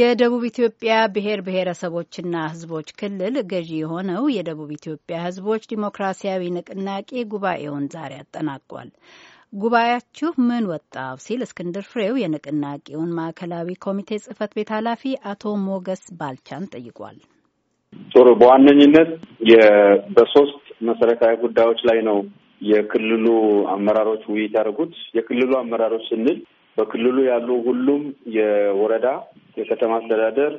የደቡብ ኢትዮጵያ ብሔር ብሔረሰቦችና ሕዝቦች ክልል ገዢ የሆነው የደቡብ ኢትዮጵያ ሕዝቦች ዲሞክራሲያዊ ንቅናቄ ጉባኤውን ዛሬ አጠናቋል። ጉባኤያችሁ ምን ወጣው ሲል እስክንድር ፍሬው የንቅናቄውን ማዕከላዊ ኮሚቴ ጽህፈት ቤት ኃላፊ አቶ ሞገስ ባልቻን ጠይቋል። ጥሩ። በዋነኝነት በሶስት መሰረታዊ ጉዳዮች ላይ ነው የክልሉ አመራሮች ውይይት ያደርጉት። የክልሉ አመራሮች ስንል በክልሉ ያሉ ሁሉም የወረዳ የከተማ አስተዳደር፣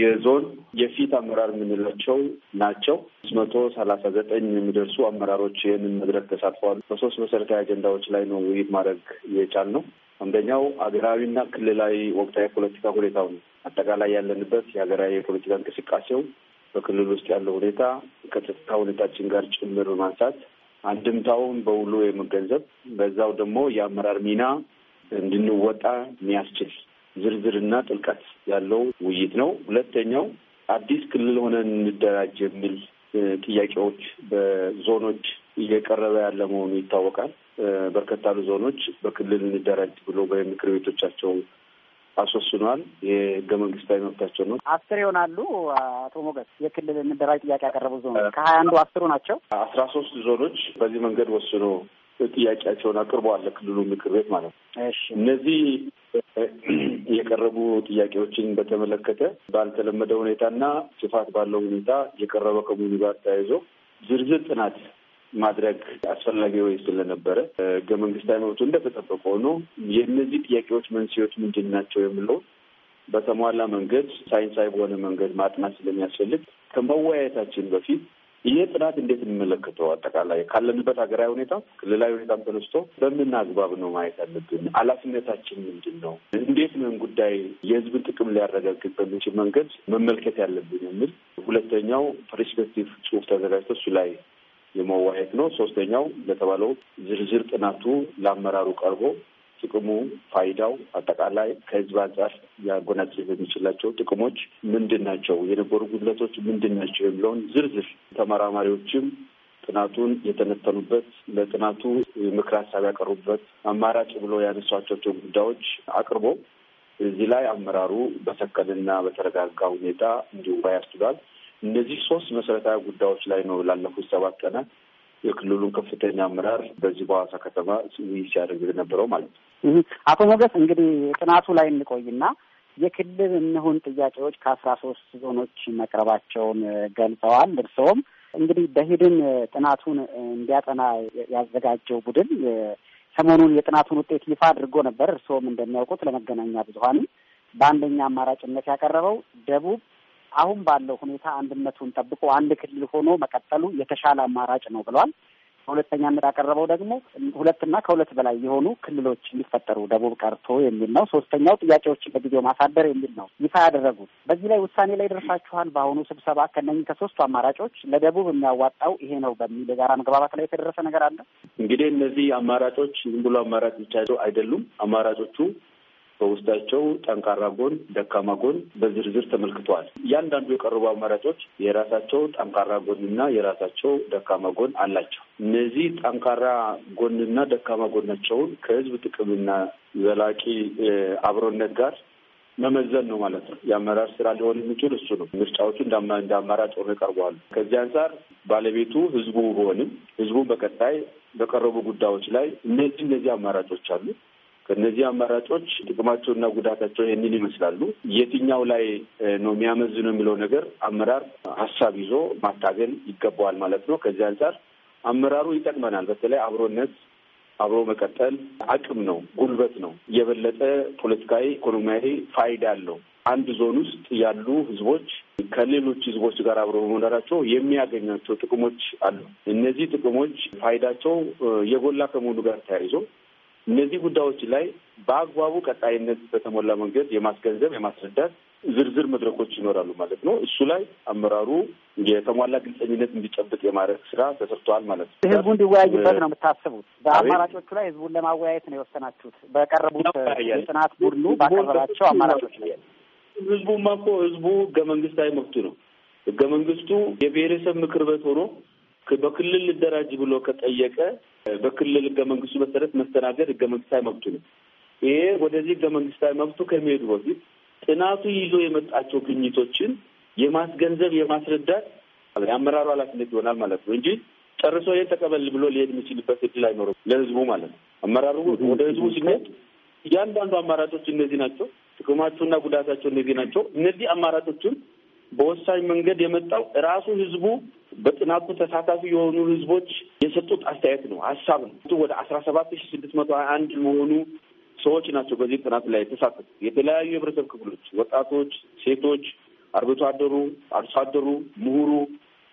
የዞን የፊት አመራር የምንላቸው ናቸው። ሶስት መቶ ሰላሳ ዘጠኝ የሚደርሱ አመራሮች ይህንን መድረክ ተሳትፈዋል። በሶስት መሰረታዊ አጀንዳዎች ላይ ነው ውይይት ማድረግ የቻል ነው። አንደኛው ሀገራዊና ክልላዊ ወቅታዊ የፖለቲካ ሁኔታው ነው። አጠቃላይ ያለንበት የሀገራዊ የፖለቲካ እንቅስቃሴው በክልል ውስጥ ያለው ሁኔታ ከጸጥታ ሁኔታችን ጋር ጭምር በማንሳት አንድምታውን በውሉ የመገንዘብ በዛው ደግሞ የአመራር ሚና እንድንወጣ የሚያስችል ዝርዝርና ጥልቀት ያለው ውይይት ነው። ሁለተኛው አዲስ ክልል ሆነን እንደራጅ የሚል ጥያቄዎች በዞኖች እየቀረበ ያለ መሆኑ ይታወቃል። በርከት ያሉ ዞኖች በክልል እንደራጅ ብሎ በምክር ቤቶቻቸው አስወስኗል። የህገ መንግስታዊ መብታቸው ነው። አስር ይሆናሉ። አቶ ሞገስ የክልል እንደራጅ ጥያቄ ያቀረቡ ዞኖች ከሀያ አንዱ አስሩ ናቸው። አስራ ሶስት ዞኖች በዚህ መንገድ ወስኖ ጥያቄያቸውን አቅርበዋል ለክልሉ ምክር ቤት ማለት ነው። እነዚህ የቀረቡ ጥያቄዎችን በተመለከተ ባልተለመደ ሁኔታና ስፋት ባለው ሁኔታ የቀረበ ከመሆኑ ጋር ተያይዞ ዝርዝር ጥናት ማድረግ አስፈላጊ ወይ ስለነበረ ህገ መንግስታዊ መብቱ እንደተጠበቀ ሆኖ የእነዚህ ጥያቄዎች መንስኤዎች ምንድን ናቸው የሚለው በተሟላ መንገድ ሳይንሳዊ በሆነ መንገድ ማጥናት ስለሚያስፈልግ ከመወያየታችን በፊት ይህ ጥናት እንዴት እንመለከተው? አጠቃላይ ካለንበት ሀገራዊ ሁኔታ፣ ክልላዊ ሁኔታም ተነስቶ በምን አግባብ ነው ማየት ያለብን? ኃላፊነታችን ምንድን ነው? እንዴት ምን ጉዳይ የህዝብን ጥቅም ሊያረጋግጥ በምንችል መንገድ መመልከት ያለብን የሚል ሁለተኛው ፐርስፔክቲቭ ጽሁፍ ተዘጋጅቶ እሱ ላይ የመዋየት ነው። ሶስተኛው እንደተባለው ዝርዝር ጥናቱ ለአመራሩ ቀርቦ ጥቅሙ፣ ፋይዳው አጠቃላይ ከህዝብ አንጻር ሊያጎናጽፍ የሚችላቸው ጥቅሞች ምንድን ናቸው፣ የነበሩ ጉድለቶች ምንድን ናቸው የሚለውን ዝርዝር ተመራማሪዎችም ጥናቱን የተነተኑበት ለጥናቱ ምክር ሀሳብ ያቀርቡበት አማራጭ ብሎ ያነሷቸው ጉዳዮች አቅርቦ እዚህ ላይ አመራሩ በሰከንና በተረጋጋ ሁኔታ እንዲወያይ አስችሏል። እነዚህ ሶስት መሰረታዊ ጉዳዮች ላይ ነው ላለፉት ሰባት ቀናት የክልሉን ከፍተኛ አመራር በዚህ በሐዋሳ ከተማ ውይይት ሲያደርግ የነበረው ማለት ነው። አቶ ሞገስ እንግዲህ ጥናቱ ላይ እንቆይና የክልል እንሁን ጥያቄዎች ከአስራ ሶስት ዞኖች መቅረባቸውን ገልጸዋል። እርስዎም እንግዲህ በሂድን ጥናቱን እንዲያጠና ያዘጋጀው ቡድን ሰሞኑን የጥናቱን ውጤት ይፋ አድርጎ ነበር። እርስዎም እንደሚያውቁት ለመገናኛ ብዙኃንም በአንደኛ አማራጭነት ያቀረበው ደቡብ አሁን ባለው ሁኔታ አንድነቱን ጠብቆ አንድ ክልል ሆኖ መቀጠሉ የተሻለ አማራጭ ነው ብሏል። በሁለተኛነት ያቀረበው ደግሞ ሁለትና ከሁለት በላይ የሆኑ ክልሎች እንዲፈጠሩ ደቡብ ቀርቶ የሚል ነው። ሶስተኛው ጥያቄዎችን በጊዜው ማሳደር የሚል ነው ይፋ ያደረጉት። በዚህ ላይ ውሳኔ ላይ ደርሳችኋል። በአሁኑ ስብሰባ ከነኚህ ከሶስቱ አማራጮች ለደቡብ የሚያዋጣው ይሄ ነው በሚል የጋራ መግባባት ላይ የተደረሰ ነገር አለ። እንግዲህ እነዚህ አማራጮች ዝም ብሎ አማራጭ ብቻ አይደሉም። አማራጮቹ በውስጣቸው ጠንካራ ጎን፣ ደካማ ጎን በዝርዝር ተመልክተዋል። እያንዳንዱ የቀረቡ አማራጮች የራሳቸው ጠንካራ ጎንና የራሳቸው ደካማ ጎን አላቸው። እነዚህ ጠንካራ ጎንና ደካማ ጎናቸውን ከህዝብ ጥቅምና ዘላቂ አብሮነት ጋር መመዘን ነው ማለት ነው። የአመራር ስራ ሊሆን የሚችል እሱ ነው። ምርጫዎቹ እንደ አማራጭ ሆኖ ይቀርበዋሉ። ከዚህ አንጻር ባለቤቱ ህዝቡ ቢሆንም ህዝቡ በቀጣይ በቀረቡ ጉዳዮች ላይ እነዚህ እነዚህ አማራጮች አሉ ከእነዚህ አማራጮች ጥቅማቸውና ጉዳታቸው ይህንን ይመስላሉ። የትኛው ላይ ነው ነው የሚለው ነገር አመራር ሀሳብ ይዞ ማታገል ይገባዋል ማለት ነው። ከዚህ አንጻር አመራሩ ይጠቅመናል። በተለይ አብሮነት፣ አብሮ መቀጠል አቅም ነው፣ ጉልበት ነው። የበለጠ ፖለቲካዊ፣ ኢኮኖሚያዊ ፋይዳ አለው። አንድ ዞን ውስጥ ያሉ ህዝቦች ከሌሎች ህዝቦች ጋር አብሮ በመኖራቸው የሚያገኛቸው ጥቅሞች አሉ። እነዚህ ጥቅሞች ፋይዳቸው የጎላ ከመሆኑ ጋር ተያይዞ እነዚህ ጉዳዮች ላይ በአግባቡ ቀጣይነት በተሞላ መንገድ የማስገንዘብ የማስረዳት ዝርዝር መድረኮች ይኖራሉ ማለት ነው። እሱ ላይ አመራሩ የተሟላ ግልጸኝነት እንዲጨብጥ የማድረግ ስራ ተሰርተዋል ማለት ነው። ህዝቡ እንዲወያይበት ነው የምታስቡት? በአማራጮቹ ላይ ህዝቡን ለማወያየት ነው የወሰናችሁት? በቀረቡት የጥናት ቡድኑ ባቀረባቸው አማራጮች ላይ ህዝቡማ እኮ ህዝቡ ህገ መንግስታዊ መብቱ ነው። ህገ መንግስቱ የብሔረሰብ ምክር ቤት ሆኖ በክልል ልደራጅ ብሎ ከጠየቀ በክልል ህገ መንግስቱ መሰረት መስተናገድ ህገ መንግስታዊ መብቱ ነው። ይሄ ወደዚህ ህገ መንግስታዊ መብቱ ከሚሄዱ በፊት ጥናቱ ይዞ የመጣቸው ግኝቶችን የማስገንዘብ የማስረዳት የአመራሩ ኃላፊነት ይሆናል ማለት ነው እንጂ ጨርሶ ይህን ተቀበል ብሎ ሊሄድ የሚችልበት እድል አይኖርም ለህዝቡ ማለት ነው። አመራሩ ወደ ህዝቡ ሲሄድ እያንዳንዱ አማራጮች እነዚህ ናቸው፣ ጥቅማቸውና ጉዳታቸው እነዚህ ናቸው። እነዚህ አማራጮችን በወሳኝ መንገድ የመጣው ራሱ ህዝቡ በጥናቱ ተሳታፊ የሆኑ ህዝቦች የሰጡት አስተያየት ነው፣ ሀሳብ ነው። ወደ አስራ ሰባት ሺ ስድስት መቶ ሀያ አንድ የሆኑ ሰዎች ናቸው በዚህ ጥናት ላይ የተሳተፉ የተለያዩ የህብረተሰብ ክፍሎች፣ ወጣቶች፣ ሴቶች፣ አርብቶ አደሩ፣ አርሶ አደሩ፣ ምሁሩ፣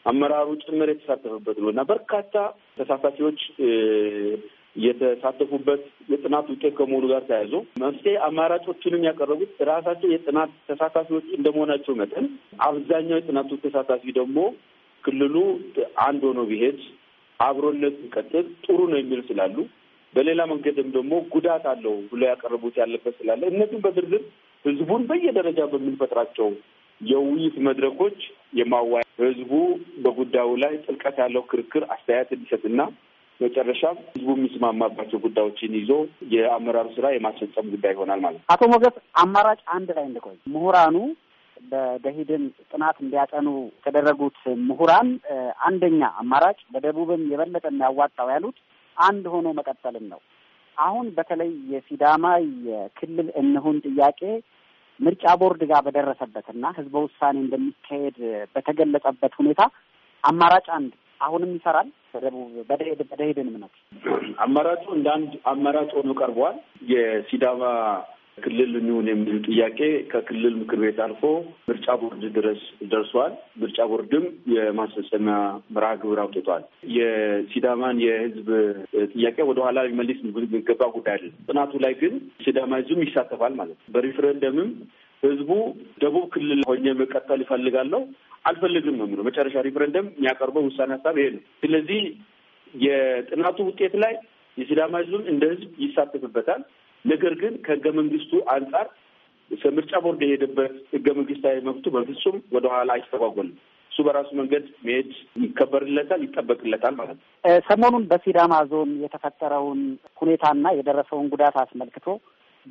አመራሩ ጭምር የተሳተፈበት ነው እና በርካታ ተሳታፊዎች የተሳተፉበት የጥናት ውጤት ከመሆኑ ጋር ተያይዞ መፍትሄ አማራጮቹንም ያቀረቡት ራሳቸው የጥናት ተሳታፊዎች እንደመሆናቸው መጠን አብዛኛው የጥናቱ ተሳታፊ ደግሞ ክልሉ አንድ ሆኖ ቢሄድ አብሮነት ቢቀጥል ጥሩ ነው የሚል ስላሉ፣ በሌላ መንገድም ደግሞ ጉዳት አለው ብሎ ያቀረቡት ያለበት ስላለ እነዚህም በዝርዝር ህዝቡን በየደረጃ በምንፈጥራቸው የውይይት መድረኮች የማዋያ ህዝቡ በጉዳዩ ላይ ጥልቀት ያለው ክርክር አስተያየት እንዲሰጥና መጨረሻም ህዝቡ የሚስማማባቸው ጉዳዮችን ይዞ የአመራሩ ስራ የማስፈጸም ጉዳይ ይሆናል ማለት ነው። አቶ ሞገስ አማራጭ አንድ ላይ እንደቆይ ምሁራኑ በደሂድን ጥናት እንዲያጠኑ የተደረጉት ምሁራን አንደኛ አማራጭ በደቡብም የበለጠ የሚያዋጣው ያሉት አንድ ሆኖ መቀጠልን ነው። አሁን በተለይ የሲዳማ የክልል እንሁን ጥያቄ ምርጫ ቦርድ ጋር በደረሰበትና ህዝበ ውሳኔ እንደሚካሄድ በተገለጸበት ሁኔታ አማራጭ አንድ አሁንም ይሰራል። በደቡብ በደሄድን እምነት አማራጩ እንደ አንድ አማራጭ ሆኖ ቀርቧል። የሲዳማ ክልል እንሁን የሚል ጥያቄ ከክልል ምክር ቤት አልፎ ምርጫ ቦርድ ድረስ ደርሷል። ምርጫ ቦርድም የማስፈጸሚያ መርሃ ግብር አውጥቷል። የሲዳማን የህዝብ ጥያቄ ወደኋላ ሊመልስ የሚገባ ጉዳይ አለ። ጥናቱ ላይ ግን ሲዳማ ህዝብም ይሳተፋል ማለት ነው። በሪፍረንደምም ህዝቡ ደቡብ ክልል ሆኜ መቀጠል ይፈልጋለሁ አልፈልግም ነው የሚለው። መጨረሻ ሪፍረንደም የሚያቀርበው ውሳኔ ሀሳብ ይሄ ነው። ስለዚህ የጥናቱ ውጤት ላይ የሲዳማ ህዝብም እንደ ህዝብ ይሳተፍበታል። ነገር ግን ከህገ መንግስቱ አንጻር ምርጫ ቦርድ የሄደበት ህገ መንግስታዊ መብቱ በፍጹም ወደኋላ አይስተጓጎልም። እሱ በራሱ መንገድ መሄድ ይከበርለታል፣ ይጠበቅለታል ማለት ነው። ሰሞኑን በሲዳማ ዞን የተፈጠረውን ሁኔታና የደረሰውን ጉዳት አስመልክቶ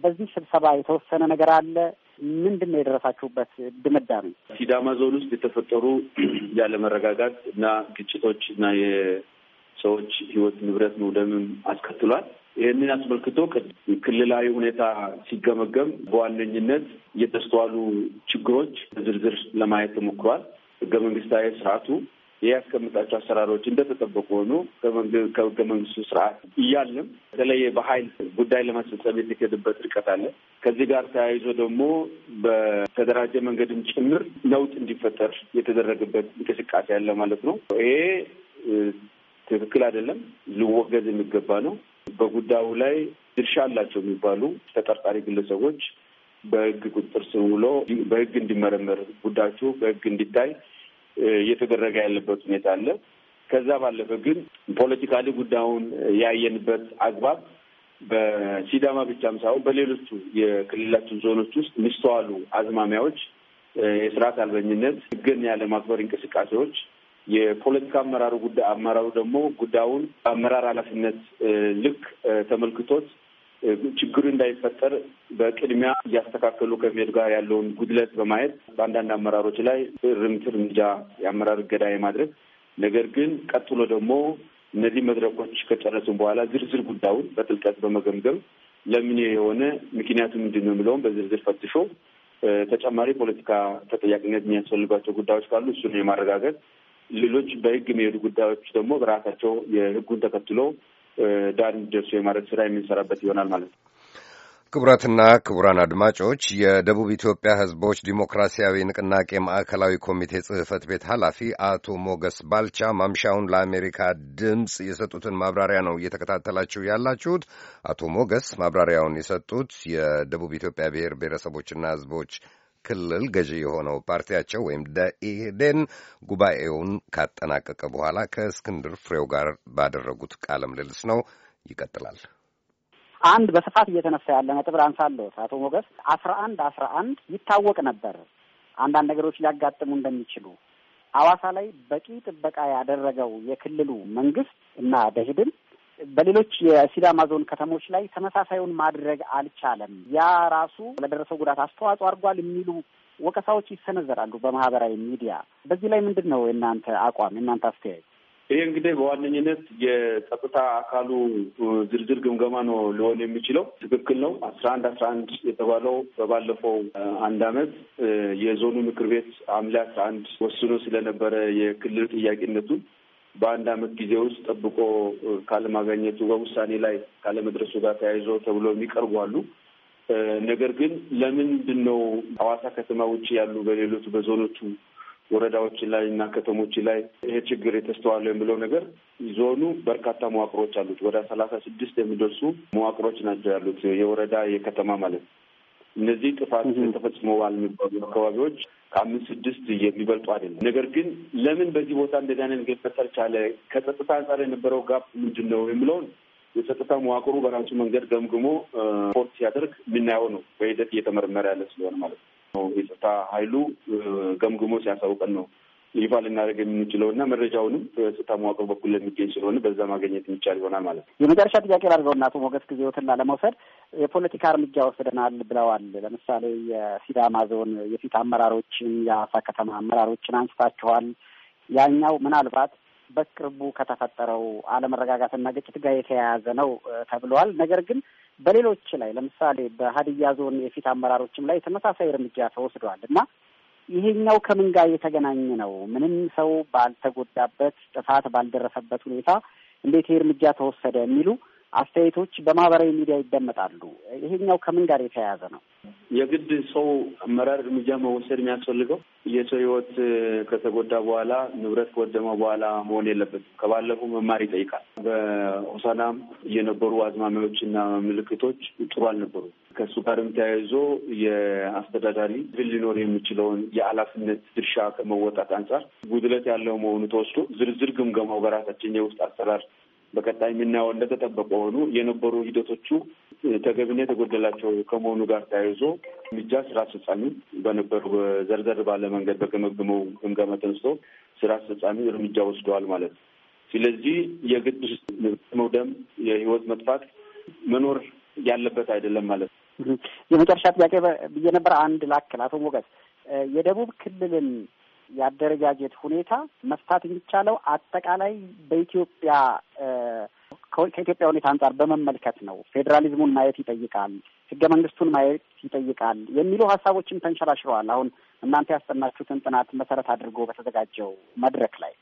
በዚህ ስብሰባ የተወሰነ ነገር አለ። ምንድን ነው የደረሳችሁበት ድምዳሜ? ሲዳማ ዞን ውስጥ የተፈጠሩ ያለመረጋጋት እና ግጭቶች እና የሰዎች ህይወት ንብረት መውደምም አስከትሏል። ይህንን አስመልክቶ ክልላዊ ሁኔታ ሲገመገም በዋነኝነት የተስተዋሉ ችግሮች ዝርዝር ለማየት ተሞክሯል። ህገ መንግስታዊ ስርዓቱ ያስቀምጣቸው አሰራሮች እንደተጠበቁ ሆኖ ከህገ መንግስቱ ስርዓት እያለም በተለይ በኃይል ጉዳይ ለማስፈጸም የተሄድበት ርቀት አለ። ከዚህ ጋር ተያይዞ ደግሞ በተደራጀ መንገድም ጭምር ለውጥ እንዲፈጠር የተደረገበት እንቅስቃሴ አለ ማለት ነው። ይሄ ትክክል አይደለም፣ ልወገዝ የሚገባ ነው። በጉዳዩ ላይ ድርሻ አላቸው የሚባሉ ተጠርጣሪ ግለሰቦች በህግ ቁጥጥር ስር ውሎ በህግ እንዲመረመር ጉዳዩ በህግ እንዲታይ እየተደረገ ያለበት ሁኔታ አለ። ከዛ ባለፈ ግን ፖለቲካሊ ጉዳዩን ያየንበት አግባብ በሲዳማ ብቻም ሳይሆን በሌሎቹ የክልላችን ዞኖች ውስጥ የሚስተዋሉ አዝማሚያዎች የስርዓት አልበኝነት፣ ህግን ያለማክበር እንቅስቃሴዎች የፖለቲካ አመራሩ ጉዳይ አመራሩ ደግሞ ጉዳዩን አመራር ኃላፊነት ልክ ተመልክቶት ችግሩ እንዳይፈጠር በቅድሚያ እያስተካከሉ ከመሄድ ጋር ያለውን ጉድለት በማየት በአንዳንድ አመራሮች ላይ እርምት እርምጃ የአመራር እገዳ የማድረግ ነገር ግን ቀጥሎ ደግሞ እነዚህ መድረኮች ከጨረሱም በኋላ ዝርዝር ጉዳዩን በጥልቀት በመገምገም ለምን የሆነ ምክንያቱ ምንድን ነው የሚለውን በዝርዝር ፈትሾ ተጨማሪ ፖለቲካ ተጠያቂነት የሚያስፈልጓቸው ጉዳዮች ካሉ እሱን የማረጋገጥ ሌሎች በህግ የሚሄዱ ጉዳዮች ደግሞ በራሳቸው የህጉን ተከትሎ ዳር እንዲደርሱ የማድረግ ስራ የምንሰራበት ይሆናል ማለት ነው። ክቡራትና ክቡራን አድማጮች የደቡብ ኢትዮጵያ ህዝቦች ዲሞክራሲያዊ ንቅናቄ ማዕከላዊ ኮሚቴ ጽህፈት ቤት ኃላፊ አቶ ሞገስ ባልቻ ማምሻውን ለአሜሪካ ድምፅ የሰጡትን ማብራሪያ ነው እየተከታተላችሁ ያላችሁት። አቶ ሞገስ ማብራሪያውን የሰጡት የደቡብ ኢትዮጵያ ብሔር ብሔረሰቦችና ህዝቦች ክልል ገዢ የሆነው ፓርቲያቸው ወይም ደኢህዴን ጉባኤውን ካጠናቀቀ በኋላ ከእስክንድር ፍሬው ጋር ባደረጉት ቃለ ምልልስ ነው። ይቀጥላል። አንድ በስፋት እየተነሳ ያለ ነጥብ ላንሳለዎት አቶ ሞገስ። አስራ አንድ አስራ አንድ ይታወቅ ነበር አንዳንድ ነገሮች ሊያጋጥሙ እንደሚችሉ ሐዋሳ ላይ በቂ ጥበቃ ያደረገው የክልሉ መንግስት እና ደኢህዴን በሌሎች የሲዳማ ዞን ከተሞች ላይ ተመሳሳዩን ማድረግ አልቻለም። ያ ራሱ ለደረሰው ጉዳት አስተዋጽኦ አድርጓል የሚሉ ወቀሳዎች ይሰነዘራሉ በማህበራዊ ሚዲያ። በዚህ ላይ ምንድን ነው የእናንተ አቋም፣ የእናንተ አስተያየት? ይሄ እንግዲህ በዋነኝነት የጸጥታ አካሉ ዝርዝር ግምገማ ነው ሊሆን የሚችለው። ትክክል ነው። አስራ አንድ አስራ አንድ የተባለው በባለፈው አንድ አመት የዞኑ ምክር ቤት ሐምሌ አስራ አንድ ወስኖ ስለነበረ የክልል ጥያቄነቱን በአንድ አመት ጊዜ ውስጥ ጠብቆ ካለማገኘቱ በውሳኔ ላይ ካለመድረሱ ጋር ተያይዞ ተብሎ የሚቀርቡ አሉ። ነገር ግን ለምንድን ነው ሐዋሳ ከተማ ውጭ ያሉ በሌሎቹ በዞኖቹ ወረዳዎች ላይ እና ከተሞች ላይ ይሄ ችግር የተስተዋለው የምለው ነገር ዞኑ በርካታ መዋቅሮች አሉት። ወደ ሰላሳ ስድስት የሚደርሱ መዋቅሮች ናቸው ያሉት የወረዳ የከተማ ማለት ነው። እነዚህ ጥፋት ተፈጽመዋል የሚባሉ አካባቢዎች ከአምስት ስድስት የሚበልጡ አይደለም። ነገር ግን ለምን በዚህ ቦታ እንደዚህ አይነት ነገር ሊፈጠር ቻለ፣ ከጸጥታ አንጻር የነበረው ጋፕ ምንድን ነው የሚለውን የጸጥታ መዋቅሩ በራሱ መንገድ ገምግሞ ፖርት ሲያደርግ የምናየው ነው። በሂደት እየተመረመረ ያለ ስለሆነ ማለት ነው። የጸጥታ ኃይሉ ገምግሞ ሲያሳውቀን ነው ይፋ ልናደርግ የምንችለው እና መረጃውንም በጸጥታ መዋቅር በኩል ለሚገኝ ስለሆነ በዛ ማግኘት የሚቻል ይሆናል ማለት ነው። የመጨረሻ ጥያቄ ላድርገውና አቶ ሞገስ ጊዜዎትና ለመውሰድ የፖለቲካ እርምጃ ወስደናል ብለዋል። ለምሳሌ የሲዳማ ዞን የፊት አመራሮችን፣ የአዋሳ ከተማ አመራሮችን አንስታችኋል። ያኛው ምናልባት በቅርቡ ከተፈጠረው አለመረጋጋትና ግጭት ጋር የተያያዘ ነው ተብለዋል። ነገር ግን በሌሎች ላይ ለምሳሌ በሀዲያ ዞን የፊት አመራሮችም ላይ ተመሳሳይ እርምጃ ተወስደዋል እና ይሄኛው ከምን ጋር የተገናኘ ነው? ምንም ሰው ባልተጎዳበት ጥፋት ባልደረሰበት ሁኔታ እንዴት ይሄ እርምጃ ተወሰደ የሚሉ አስተያየቶች በማህበራዊ ሚዲያ ይደመጣሉ። ይሄኛው ከምን ጋር የተያያዘ ነው? የግድ ሰው አመራር እርምጃ መወሰድ የሚያስፈልገው የሰው ህይወት ከተጎዳ በኋላ ንብረት ከወደመ በኋላ መሆን የለበትም። ከባለፈው መማር ይጠይቃል። በሆሳናም የነበሩ አዝማሚያዎች እና ምልክቶች ጥሩ አልነበሩ። ከእሱ ጋርም ተያይዞ የአስተዳዳሪ ብል ሊኖር የሚችለውን የኃላፊነት ድርሻ ከመወጣት አንጻር ጉድለት ያለው መሆኑ ተወስዶ ዝርዝር ግምገማው በራሳችን የውስጥ አሰራር በቀጣይ የምናየው እንደተጠበቀ ሆኑ የነበሩ ሂደቶቹ ተገቢነት የተጎደላቸው ከመሆኑ ጋር ተያይዞ እርምጃ ስራ አስፈጻሚ በነበሩ በዘርዘር ባለ መንገድ በገመገመው ግምገማ ተነስቶ ስራ አስፈጻሚ እርምጃ ወስደዋል ማለት ነው። ስለዚህ የግድ መውደም የህይወት መጥፋት መኖር ያለበት አይደለም ማለት ነው። የመጨረሻ ጥያቄ ብዬ ነበር አንድ ላክል። አቶ ሞገስ የደቡብ ክልልን የአደረጃጀት ሁኔታ መፍታት የሚቻለው አጠቃላይ በኢትዮጵያ ከኢትዮጵያ ሁኔታ አንጻር በመመልከት ነው። ፌዴራሊዝሙን ማየት ይጠይቃል፣ ህገ መንግስቱን ማየት ይጠይቃል የሚሉ ሀሳቦችም ተንሸራሽረዋል። አሁን እናንተ ያስጠናችሁትን ጥናት መሰረት አድርጎ በተዘጋጀው መድረክ ላይ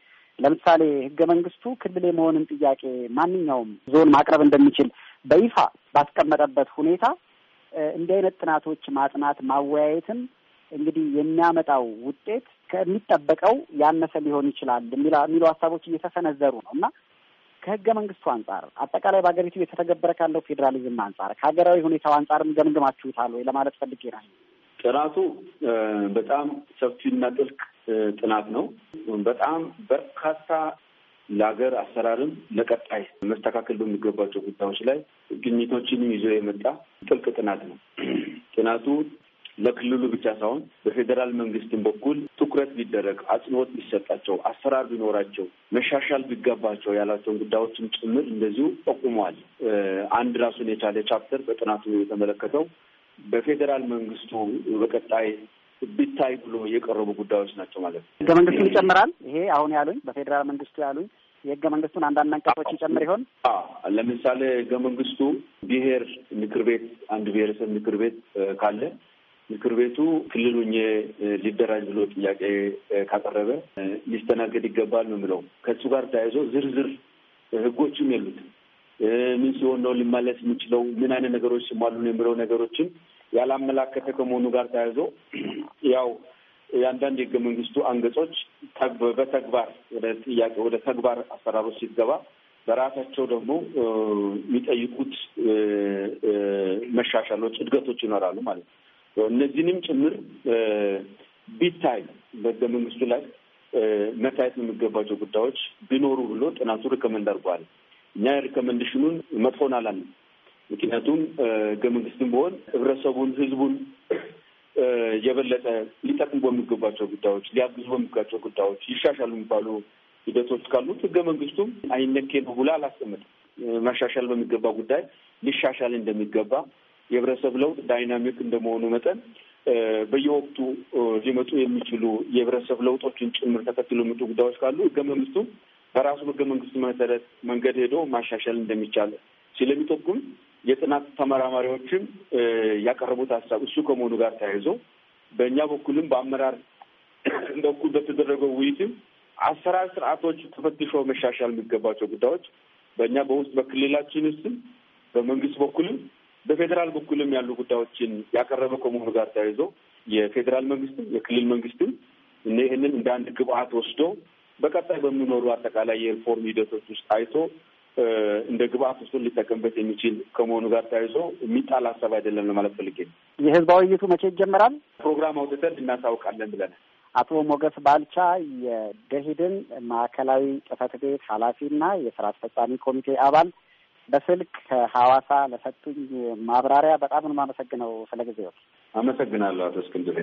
ለምሳሌ ህገ መንግስቱ ክልል የመሆንን ጥያቄ ማንኛውም ዞን ማቅረብ እንደሚችል በይፋ ባስቀመጠበት ሁኔታ እንዲህ አይነት ጥናቶች ማጥናት ማወያየትም እንግዲህ የሚያመጣው ውጤት ከሚጠበቀው ያነሰ ሊሆን ይችላል የሚሉ ሀሳቦች እየተሰነዘሩ ነው እና ከህገ መንግስቱ አንጻር አጠቃላይ በሀገሪቱ የተተገበረ ካለው ፌዴራሊዝም አንጻር ከሀገራዊ ሁኔታው አንጻርም ገምግማችሁታል ወይ ለማለት ፈልጌ ነው። ጥናቱ በጣም ሰፊና ጥልቅ ጥናት ነው። በጣም በርካታ ለሀገር አሰራርም ለቀጣይ መስተካከል በሚገባቸው ጉዳዮች ላይ ግኝቶችንም ይዞ የመጣ ጥልቅ ጥናት ነው። ጥናቱ በክልሉ ብቻ ሳይሆን በፌዴራል መንግስትም በኩል ትኩረት ቢደረግ፣ አጽንኦት ቢሰጣቸው፣ አሰራር ቢኖራቸው፣ መሻሻል ቢገባቸው ያላቸውን ጉዳዮችን ጭምር እንደዚሁ ጠቁመዋል። አንድ ራሱን የቻለ ቻፕተር በጥናቱ የተመለከተው በፌዴራል መንግስቱ በቀጣይ ቢታይ ብሎ የቀረቡ ጉዳዮች ናቸው ማለት ነው። ህገ መንግስቱን ይጨምራል። ይሄ አሁን ያሉኝ በፌዴራል መንግስቱ ያሉኝ የህገ መንግስቱን አንዳንድ አንቀጾች ይጨምር ይሆን? ለምሳሌ ህገ መንግስቱ ብሄር ምክር ቤት አንድ ብሄረሰብ ምክር ቤት ካለ ምክር ቤቱ ክልሉ ሊደራጅ ብሎ ጥያቄ ካቀረበ ሊስተናገድ ይገባል ነው የምለው። ከእሱ ጋር ተያይዞ ዝርዝር ህጎችም የሉት ምን ሲሆን ነው ሊመለስ የሚችለው ምን አይነት ነገሮች ሲሟሉ ነው የሚለው ነገሮችን ያላመላከተ ከመሆኑ ጋር ተያይዞ ያው የአንዳንድ የህገ መንግስቱ አንገጾች በተግባር ወደ ጥያቄ ወደ ተግባር አሰራሮች ሲገባ በራሳቸው ደግሞ የሚጠይቁት መሻሻሎች፣ እድገቶች ይኖራሉ ማለት ነው። እነዚህንም ጭምር ቢታይ በህገ መንግስቱ ላይ መታየት የሚገባቸው ጉዳዮች ቢኖሩ ብሎ ጥናቱ ሪከመንድ አድርጓል። እኛ የሪከመንዴሽኑን መጥፎን አላልንም። ምክንያቱም ህገ መንግስትም በሆን ህብረተሰቡን፣ ህዝቡን የበለጠ ሊጠቅሙ በሚገባቸው ጉዳዮች፣ ሊያግዙ በሚገባቸው ጉዳዮች ይሻሻሉ የሚባሉ ሂደቶች ካሉት ህገ መንግስቱም አይነኬ ነው ብሎ አላስቀምጥም። መሻሻል በሚገባ ጉዳይ ሊሻሻል እንደሚገባ የህብረተሰብ ለውጥ ዳይናሚክ እንደመሆኑ መጠን በየወቅቱ ሊመጡ የሚችሉ የህብረተሰብ ለውጦችን ጭምር ተከትሎ የመጡ ጉዳዮች ካሉ ህገ መንግስቱ በራሱ ህገ መንግስቱ መሰረት መንገድ ሄዶ ማሻሻል እንደሚቻል ስለሚጠቁም የጥናት ተመራማሪዎችም ያቀረቡት ሀሳብ እሱ ከመሆኑ ጋር ተያይዞ በእኛ በኩልም በአመራር በኩል በተደረገው ውይይትም አሰራር ስርዓቶች ተፈትሾ መሻሻል የሚገባቸው ጉዳዮች በእኛ በውስጥ በክልላችን ስም በመንግስት በኩልም በፌዴራል በኩልም ያሉ ጉዳዮችን ያቀረበ ከመሆኑ ጋር ተያይዞ የፌዴራል መንግስትም የክልል መንግስትም እነ ይህንን እንደ አንድ ግብአት ወስዶ በቀጣይ በሚኖሩ አጠቃላይ የሪፎርም ሂደቶች ውስጥ አይቶ እንደ ግብአት ውስጡን ሊጠቀምበት የሚችል ከመሆኑ ጋር ተያይዞ የሚጣል ሀሳብ አይደለም ለማለት ፈልጌ ነው። የህዝባዊ ውይይቱ መቼ ይጀመራል? ፕሮግራም አውጥተን እናሳውቃለን ብለናል። አቶ ሞገስ ባልቻ የደሂድን ማዕከላዊ ጽህፈት ቤት ኃላፊና የስራ አስፈጻሚ ኮሚቴ አባል በስልክ ከሐዋሳ ለሰጡኝ ማብራሪያ በጣም ነው የማመሰግነው። ስለ ጊዜው አመሰግናለሁ አቶ እስክንድሬ።